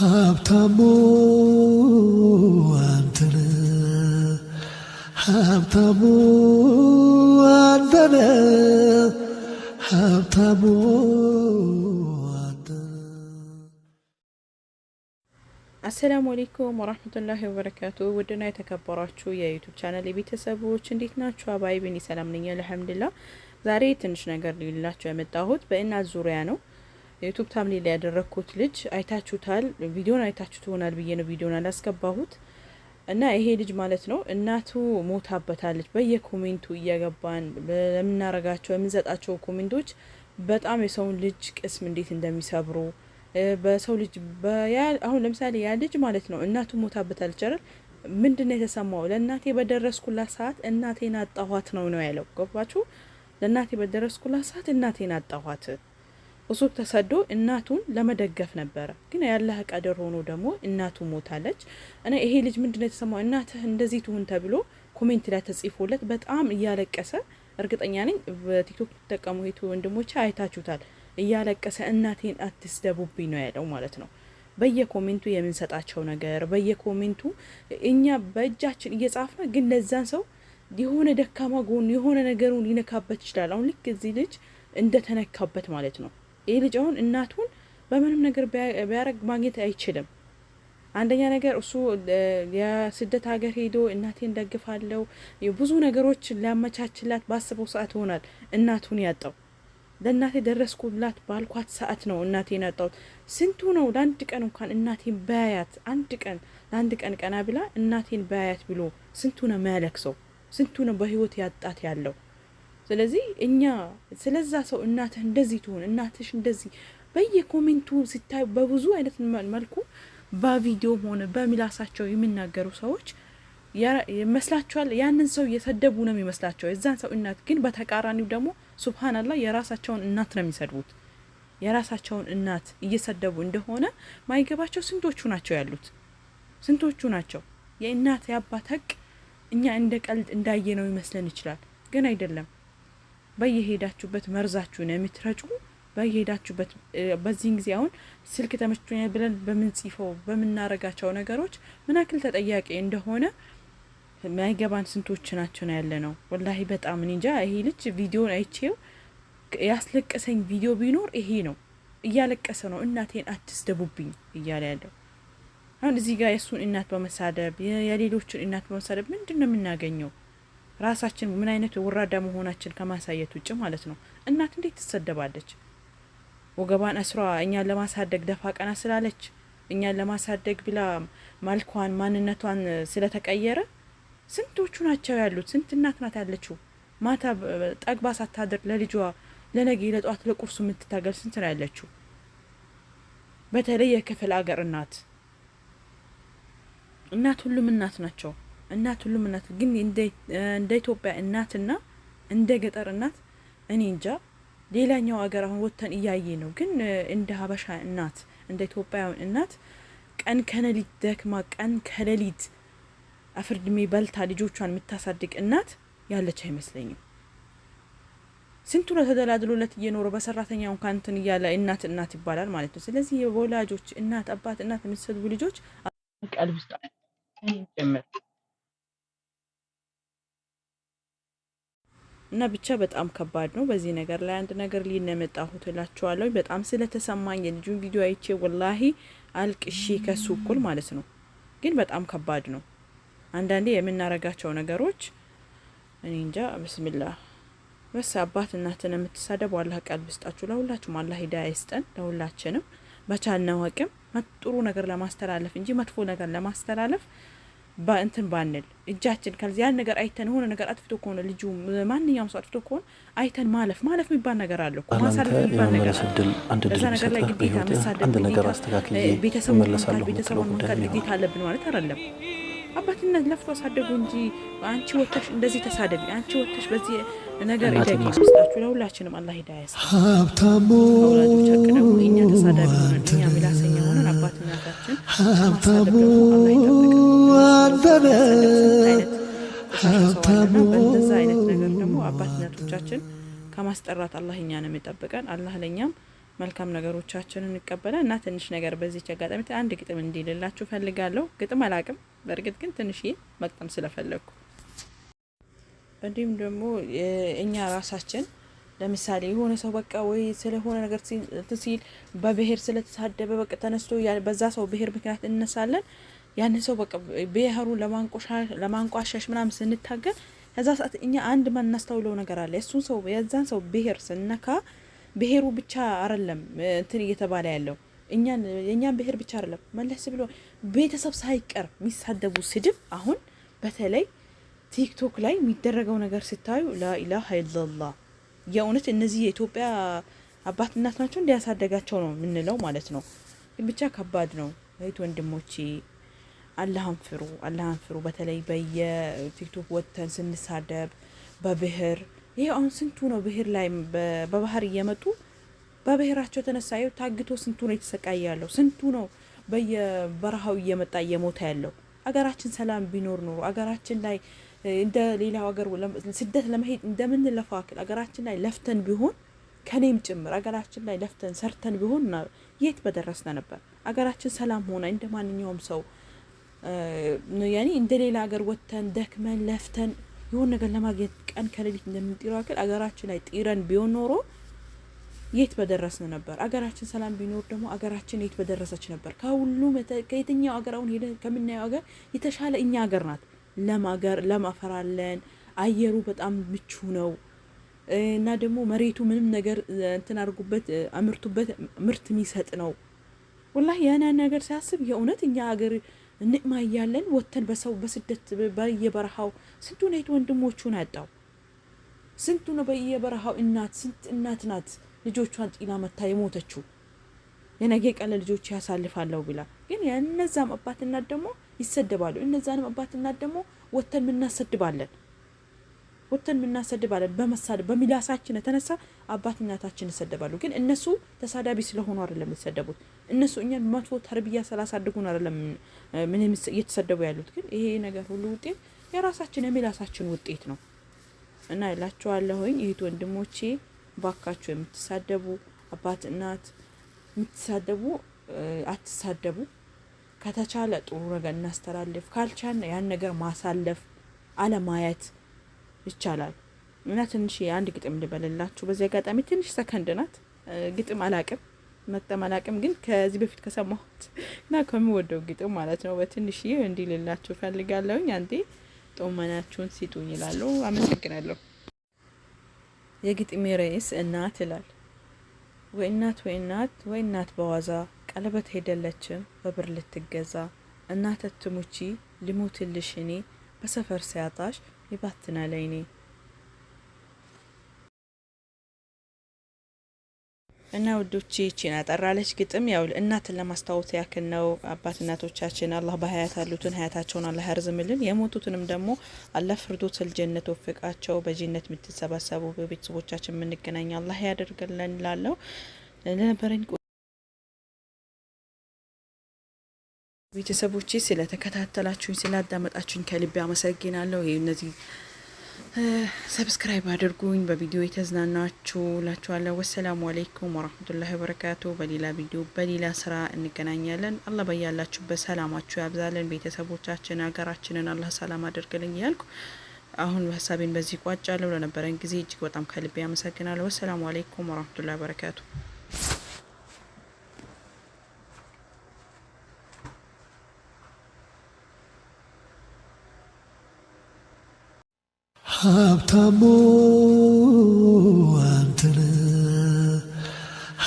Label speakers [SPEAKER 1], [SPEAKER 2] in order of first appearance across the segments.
[SPEAKER 1] ሀብታሙ አንተነ ሀብታሙ አንተነ ሀብታሙ አሰላሙ አሌይኩም ወራህመቱላሂ ወበረካቱ ውድና የተከበሯችሁ የዩቱብ ቻናል የቤተሰቦች እንዴት ናችሁ? አባይ ብን ሰላም ነኝ አልሐምዱሊላህ። ዛሬ ትንሽ ነገር ልላችሁ የመጣሁት በእናት ዙሪያ ነው። የዩቱብ ታምሌ ላይ ያደረግኩት ልጅ አይታችሁታል። ቪዲዮን አይታችሁ ትሆናል ብዬ ነው ቪዲዮን አላስገባሁት እና ይሄ ልጅ ማለት ነው እናቱ ሞታበታለች። በየኮሜንቱ እየገባን ለምናረጋቸው የምንሰጣቸው ኮሜንቶች በጣም የሰውን ልጅ ቅስም እንዴት እንደሚሰብሩ በሰው ልጅ አሁን ለምሳሌ ያ ልጅ ማለት ነው እናቱ ሞታበታለች አይደል? ምንድነው የተሰማው? ለእናቴ በደረስኩላት ሰዓት እናቴን አጣኋት ነው ነው ያለው። ገባችሁ? ለእናቴ በደረስኩላት ሰዓት እናቴን አጣኋት እሱ ተሰዶ እናቱን ለመደገፍ ነበረ። ግን ያላህ ቀደር ሆኖ ደግሞ እናቱ ሞታለች። እና ይሄ ልጅ ምንድነው የተሰማው? እናትህ እንደዚህ ትሁን ተብሎ ኮሜንት ላይ ተጽፎለት በጣም እያለቀሰ እርግጠኛ ነኝ በቲክቶክ ተጠቀሙ ሄቱ ወንድሞች አይታችሁታል። እያለቀሰ እናቴን አትስደቡብኝ ነው ያለው ማለት ነው። በየኮሜንቱ የምንሰጣቸው ነገር በየኮሜንቱ እኛ በእጃችን እየጻፍነ ግን ለዛን ሰው የሆነ ደካማ ጎኑ የሆነ ነገሩን ሊነካበት ይችላል። አሁን ልክ እዚህ ልጅ እንደተነካበት ማለት ነው ይህ ልጅ አሁን እናቱን በምንም ነገር ቢያረግ ማግኘት አይችልም። አንደኛ ነገር እሱ የስደት ሀገር ሄዶ እናቴን ደግፋለው ብዙ ነገሮች ሊያመቻችላት ባስበው ሰዓት ይሆናል እናቱን ያጣው። ለእናቴ ደረስኩላት ባልኳት ሰዓት ነው እናቴን ያጣሁት። ስንቱ ነው ለአንድ ቀን እንኳን እናቴን በያያት አንድ ቀን ለአንድ ቀን ቀና ብላ እናቴን በያያት ብሎ ስንቱ ነው የሚያለቅሰው? ስንቱ ነው በህይወት ያጣት ያለው? ስለዚህ እኛ ስለዛ ሰው እናትህ እንደዚህ ትሆን እናትሽ እንደዚህ በየኮሜንቱ ሲታይ በብዙ አይነት መልኩ በቪዲዮም ሆነ በሚላሳቸው የሚናገሩ ሰዎች ይመስላቸዋል። ያንን ሰው እየሰደቡ ነው የሚመስላቸው የዛን ሰው እናት። ግን በተቃራኒው ደግሞ ሱብሃናላ የራሳቸውን እናት ነው የሚሰድቡት። የራሳቸውን እናት እየሰደቡ እንደሆነ ማይገባቸው ስንቶቹ ናቸው ያሉት? ስንቶቹ ናቸው? የእናት የአባት ሐቅ እኛ እንደ ቀልድ እንዳየ ነው ይመስለን ይችላል፣ ግን አይደለም። በየሄዳችሁበት መርዛችሁ ነው የምትረጩ። በየሄዳችሁበት በዚህን ጊዜ አሁን ስልክ ተመችቶኛል ብለን በምንጽፈው በምናረጋቸው ነገሮች ምን ያክል ተጠያቂ እንደሆነ ማይገባን ስንቶች ናቸው ነው ያለ ነው። ወላሂ በጣም እንጃ። ይሄ ልጅ ቪዲዮን አይቼው ያስለቀሰኝ ቪዲዮ ቢኖር ይሄ ነው። እያለቀሰ ነው እናቴን አትስደቡብኝ እያለ ያለው አሁን እዚህ ጋር የእሱን እናት በመሳደብ የሌሎችን እናት በመሳደብ ምንድን ነው የምናገኘው? ራሳችን ምን አይነት ወራዳ መሆናችን ከማሳየት ውጭ ማለት ነው። እናት እንዴት ትሰደባለች? ወገባን አስሯ እኛን ለማሳደግ ደፋ ቀና ስላለች እኛን ለማሳደግ ብላ መልኳን ማንነቷን ስለተቀየረ ስንቶቹ ናቸው ያሉት? ስንት እናት ናት ያለችው ማታ ጠግባ ሳታድር ለልጇ ለነገ ለጧት ለቁርሱ የምትታገል ስንት ነው ያለችው? በተለይ የክፍለ አገር እናት እናት ሁሉም እናት ናቸው። እናት ሁሉም እናት ግን እንደ ኢትዮጵያ እናትና እንደ ገጠር እናት እኔ እንጃ። ሌላኛው ሀገር አሁን ወጥተን እያየ ነው። ግን እንደ ሀበሻ እናት እንደ ኢትዮጵያውያን እናት ቀን ከሌሊት ደክማ ቀን ከሌሊት አፍርድሜ በልታ ልጆቿን የምታሳድግ እናት ያለች አይመስለኝም። ስንቱ ነው ተደላድሎለት እየኖረ በሰራተኛ እንኳን እንትን እያለ እናት እናት ይባላል ማለት ነው። ስለዚህ የወላጆች እናት አባት እናት የምትሰድቡ ልጆች ቀልብ ውስጥ ጭምር እና ብቻ በጣም ከባድ ነው። በዚህ ነገር ላይ አንድ ነገር ሊነመጣሁት እላችኋለሁ። በጣም ስለተሰማኝ የልጁን ቪዲዮ አይቼ ወላሂ አልቅሺ ከሱ እኩል ማለት ነው። ግን በጣም ከባድ ነው። አንዳንዴ የምናረጋቸው ነገሮች እኔ እንጃ። ብስሚላ በስ አባት እናትን የምትሳደቡ አላህ ቃል ብስጣችሁ። ለሁላችሁም አላህ ሂዳ ይስጠን። ለሁላችንም በቻልነው አቅም ጥሩ ነገር ለማስተላለፍ እንጂ መጥፎ ነገር ለማስተላለፍ እንትን ባንል እጃችን ከዚ ያን ነገር አይተን የሆነ ነገር አጥፍቶ ከሆነ ልጁ ማንኛውም ሰው አጥፍቶ ከሆነ አይተን ማለፍ ማለፍ የሚባል ነገር አለ ማሳለፍ ነገር ላይ ግዴታ መሳደብ፣ ቤተሰቡን መንካት፣ ቤተሰቡን መንካት ግዴታ አለብን ማለት አይደለም። አባትነት ለፍቶ አሳደጉ እንጂ አንቺ ወተሽ እንደዚህ ተሳደቢ፣ አንቺ ወተሽ በዚህ ነገር ደቂ ስጣችሁ። ለሁላችንም አላህ ሂዳያ ሀብታሙ ጨቅደው እኛ ተሳዳቢ ሆነን ሀብታሙ አበበ ሀብታሙ በእንደዛ አይነት ነገር ደግሞ አባትነቶቻችን ከማስጠራት አላህ ነው የሚጠብቀን። አላህ ለእኛም መልካም ነገሮቻችንን ይቀበላል። እና ትንሽ ነገር በዚች አጋጣሚ አንድ ግጥም እንዲልላችሁ ፈልጋለሁ። ግጥም አላቅም በእርግጥ ግን ትንሽ መቅጠም ስለፈለግኩ እንዲሁም ደግሞ እኛ ራሳችን ለምሳሌ የሆነ ሰው በቃ ወይ ስለሆነ ነገር ሲል በብሄር ስለተሳደበ በቃ ተነስቶ በዛ ሰው ብሄር ምክንያት እንነሳለን። ያን ሰው በቃ ብሄሩ ለማንቋሻሽ ምናምን ስንታገል ከዛ ሰዓት እኛ አንድ ማናስተውለው ነገር አለ። እሱን ሰው የዛን ሰው ብሄር ስነካ ብሄሩ ብቻ አይደለም እንትን እየተባለ ያለው እኛን የእኛን ብሄር ብቻ አይደለም መለስ ብሎ ቤተሰብ ሳይቀር የሚሳደቡ ስድብ አሁን በተለይ ቲክቶክ ላይ የሚደረገው ነገር ስታዩ ላኢላሀ ኢለላህ የእውነት እነዚህ የኢትዮጵያ አባት እናት ናቸው እንዲያሳደጋቸው ነው የምንለው ማለት ነው። ብቻ ከባድ ነው። እህት ወንድሞቼ አላህን ፍሩ፣ አላህን ፍሩ። በተለይ በየቲክቶክ ወጥተን ስንሳደብ በብህር ይሄ አሁን ስንቱ ነው ብሔር ላይ በባህር እየመጡ በብሄራቸው የተነሳ ታግቶ ስንቱ ነው የተሰቃየ ያለው ስንቱ ነው በየበረሃው እየመጣ እየሞተ ያለው። አገራችን ሰላም ቢኖር ኖሮ አገራችን ላይ እንደ ሌላው ሀገር ስደት ለመሄድ እንደምንለፋው አክል አገራችን ላይ ለፍተን ቢሆን ከኔም ጭምር አገራችን ላይ ለፍተን ሰርተን ቢሆን የት በደረስነ ነበር። አገራችን ሰላም ሆነ እንደ ማንኛውም ሰው ያኔ እንደ ሌላ ሀገር ወጥተን ደክመን ለፍተን የሆን ነገር ለማግኘት ቀን ከሌሊት እንደምንጢረው አክል አገራችን ላይ ጢረን ቢሆን ኖሮ የት በደረስን ነበር። አገራችን ሰላም ቢኖር ደግሞ አገራችን የት በደረሰች ነበር። ከሁሉም ከየትኛው ሀገር አሁን ሄደ ከምናየው ሀገር የተሻለ እኛ ሀገር ናት። ለማገር ለማፈራለን አየሩ በጣም ምቹ ነው እና ደግሞ መሬቱ ምንም ነገር እንትን አድርጉበት አምርቱበት ምርት የሚሰጥ ነው። ወላሂ ያን ነገር ሲያስብ የእውነት እኛ ሀገር ንቅማ እያለን ወተን በሰው በስደት በየበረሃው ስንቱ ናይት ወንድሞቹን አጣው። ስንቱ ነው በየበረሃው እናት ስንት እናት ናት ልጆቿን ጢና መታ የሞተችው የነገ ቀን ልጆች ያሳልፋለሁ ብላ ግን የእነዛም አባት ደግሞ ይሰደባሉ። እነዛንም አባት ደግሞ ወተን ምናሰድባለን ወተን ምናሰድባለን በመሳደብ በሚላሳችን የተነሳ አባት እናታችን ይሰደባሉ። ግን እነሱ ተሳዳቢ ስለሆኑ አይደለም የሚሰደቡት እነሱ እኛን መቶ ተርቢያ ስላሳድጉን አይደለም ምን እየተሰደቡ ያሉት። ግን ይሄ ነገር ሁሉ ውጤት የራሳችን የሚላሳችን ውጤት ነው እና እላችኋለሁኝ ይህት ወንድሞቼ ባካችሁ የምትሳደቡ አባት እናት የምትሳደቡ አትሳደቡ። ከተቻለ ጥሩ ነገር እናስተላልፍ፣ ካልቻለ ያን ነገር ማሳለፍ አለማየት ይቻላል። እና ትንሽ አንድ ግጥም ልበልላችሁ በዚህ አጋጣሚ። ትንሽ ሰከንድ ናት ግጥም አላቅም መጠም አላቅም፣ ግን ከዚህ በፊት ከሰማሁት እና ከሚወደው ግጥም ማለት ነው በትንሽ እንዲህ ልላችሁ ፈልጋለሁኝ። አንዴ ጦመናችሁን ሲጡኝ ይላሉ። አመሰግናለሁ። የግጥሜ ርዕስ እናት ይላል። ወይ እናት ወይ እናት ወይ እናት በዋዛ ቀለበት ሄደለችም በብር ልትገዛ እናት ትሙቺ ልሙትልሽ እኔ በሰፈር ሲያጣሽ ይባትናል አይኔ እና ውዶች ይቺን አጠራለች ግጥም ያው እናትን ለማስታወስ ያክል ነው። አባት እናቶቻችን አላህ በሀያት ያሉትን ሀያታቸውን አላህ ያርዝምልን፣ የሞቱትንም ደግሞ አላህ ፍርዶት ልጅነት ወፍቃቸው። በጅነት የምትሰባሰቡ በቤተሰቦቻችን የምንገናኝ አላህ ያደርግልን ላለው ለነበረኝ ቤተሰቦቼ ስለተከታተላችሁኝ ስላዳመጣችሁኝ ከልቤ አመሰግናለሁ። ይህ እነዚህ ሰብስክራይብ አድርጉኝ። በቪዲዮ የተዝናናችሁ ላችኋለሁ። ወሰላሙ አሌይኩም ወረህመቱላሂ ወበረካቱ። በሌላ ቪዲዮ በሌላ ስራ እንገናኛለን። አላህ በያላችሁበት ሰላማችሁ ያብዛልን። ቤተሰቦቻችን፣ ሀገራችንን አላህ ሰላም አድርግልኝ እያልኩ አሁን ሀሳቤን በዚህ ቋጫለሁ። ለነበረን ጊዜ እጅግ በጣም ከልቤ ያመሰግናለሁ። ወሰላሙ አሌይኩም ወረህመቱላሂ ወበረካቱ። ሀብታሙ አንተነ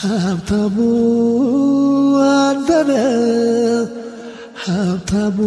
[SPEAKER 1] ሀብታሙ አንተነ ሀብታሙ